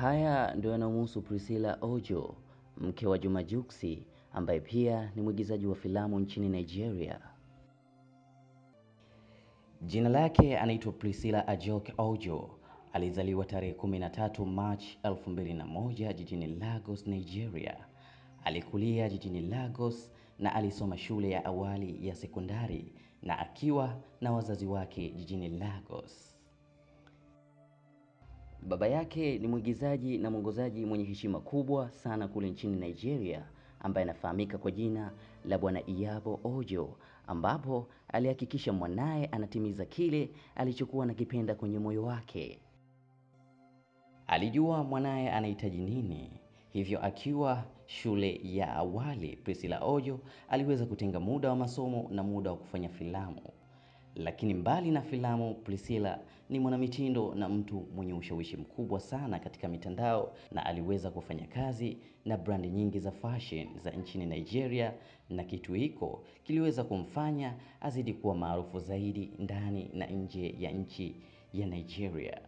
Haya ndio yanamhusu Priscilla Ojo, mke wa Juma Jux ambaye pia ni mwigizaji wa filamu nchini Nigeria. Jina lake anaitwa Priscilla Ajok Ojo. Alizaliwa tarehe 13 Machi 2001 jijini Lagos, Nigeria. Alikulia jijini Lagos na alisoma shule ya awali ya sekondari na akiwa na wazazi wake jijini Lagos. Baba yake ni mwigizaji na mwongozaji mwenye heshima kubwa sana kule nchini Nigeria ambaye anafahamika kwa jina la Bwana Iyabo Ojo ambapo alihakikisha mwanaye anatimiza kile alichokuwa anakipenda kwenye moyo wake. Alijua mwanaye anahitaji nini, hivyo akiwa shule ya awali Priscilla Ojo aliweza kutenga muda wa masomo na muda wa kufanya filamu. Lakini mbali na filamu, Priscilla ni mwanamitindo na mtu mwenye ushawishi mkubwa sana katika mitandao na aliweza kufanya kazi na brandi nyingi za fashion za nchini Nigeria na kitu hiko kiliweza kumfanya azidi kuwa maarufu zaidi ndani na nje ya nchi ya Nigeria.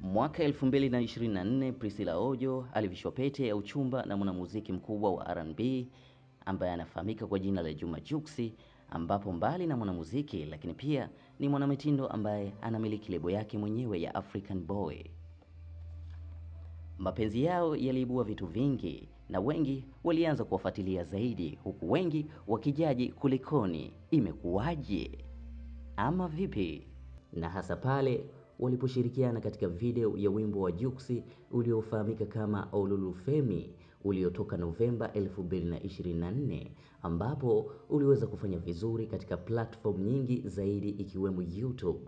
Mwaka 2024 Priscilla Ojo alivishwa pete ya uchumba na mwanamuziki mkubwa wa R&B ambaye anafahamika kwa jina la Juma Juksi ambapo mbali na mwanamuziki lakini pia ni mwanamitindo ambaye anamiliki lebo yake mwenyewe ya African Boy. Mapenzi yao yaliibua vitu vingi na wengi walianza kuwafuatilia zaidi, huku wengi wakijaji kulikoni, imekuwaje ama vipi, na hasa pale waliposhirikiana katika video ya wimbo wa Juksi uliofahamika kama Olulufemi uliotoka Novemba 2024 ambapo uliweza kufanya vizuri katika platform nyingi zaidi ikiwemo YouTube.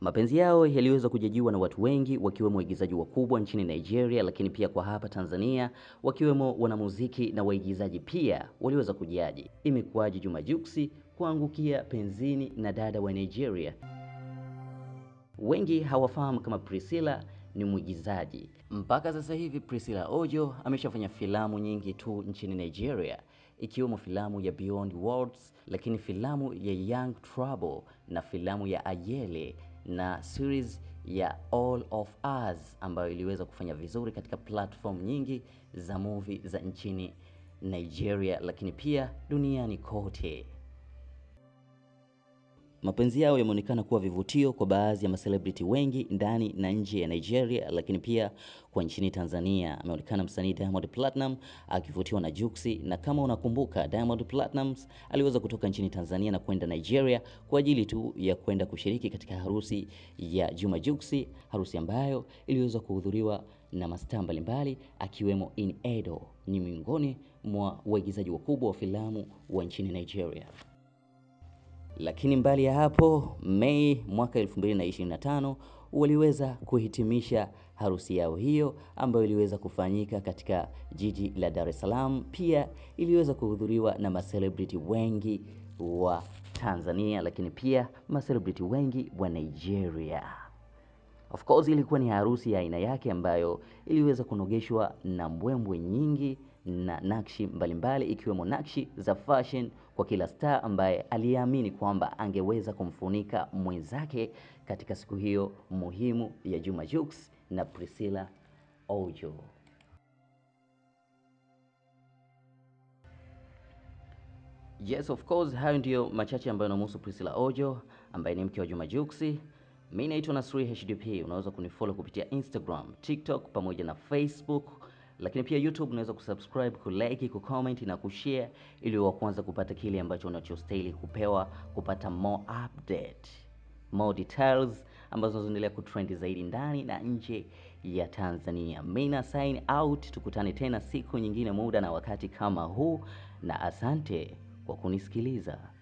Mapenzi yao yaliweza kujajiwa na watu wengi wakiwemo waigizaji wakubwa nchini Nigeria, lakini pia kwa hapa Tanzania wakiwemo wanamuziki na waigizaji pia waliweza kujaji. Imekuwaje Juma Jux kuangukia penzini na dada wa Nigeria? Wengi hawafahamu kama Priscilla ni mwigizaji. Mpaka sasa hivi Priscilla Ojo ameshafanya filamu nyingi tu nchini Nigeria ikiwemo filamu ya Beyond Words, lakini filamu ya Young Trouble na filamu ya Ayele na series ya All of Us ambayo iliweza kufanya vizuri katika platform nyingi za movie za nchini Nigeria, lakini pia duniani kote. Mapenzi yao yameonekana kuwa vivutio kwa baadhi ya maselebriti wengi ndani na nje ya Nigeria, lakini pia kwa nchini Tanzania ameonekana msanii Diamond Platinum akivutiwa na juksi na kama unakumbuka Diamond Platinums aliweza kutoka nchini Tanzania na kwenda Nigeria kwa ajili tu ya kwenda kushiriki katika harusi ya Juma Juksi, harusi ambayo iliweza kuhudhuriwa na mastaa mbalimbali akiwemo In Edo. Ni miongoni mwa waigizaji wakubwa wa filamu wa nchini Nigeria. Lakini mbali ya hapo, Mei mwaka 2025 waliweza kuhitimisha harusi yao hiyo ambayo iliweza kufanyika katika jiji la Dar es Salaam. Pia iliweza kuhudhuriwa na maselebriti wengi wa Tanzania, lakini pia maselebriti wengi wa Nigeria. Of course ilikuwa ni harusi ya aina yake ambayo iliweza kunogeshwa na mbwembwe nyingi na nakshi mbalimbali ikiwemo nakshi za fashion kwa kila star ambaye aliamini kwamba angeweza kumfunika mwenzake katika siku hiyo muhimu ya Juma Jux na Priscilla Ojo. Yes, of course, hayo ndiyo machache ambayo yanamhusu Priscilla Ojo ambaye ni mke wa Juma Jux. Mimi naitwa Nasri HDP. Unaweza kunifollow kupitia Instagram, TikTok pamoja na Facebook. Lakini pia YouTube unaweza kusubscribe, kulike, kucomment na kushare ili wa kwanza kupata kile ambacho unachostahili kupewa, kupata more update, more details ambazo zinazoendelea kutrend zaidi ndani na nje ya Tanzania. Maina sign out, tukutane tena siku nyingine, muda na wakati kama huu, na asante kwa kunisikiliza.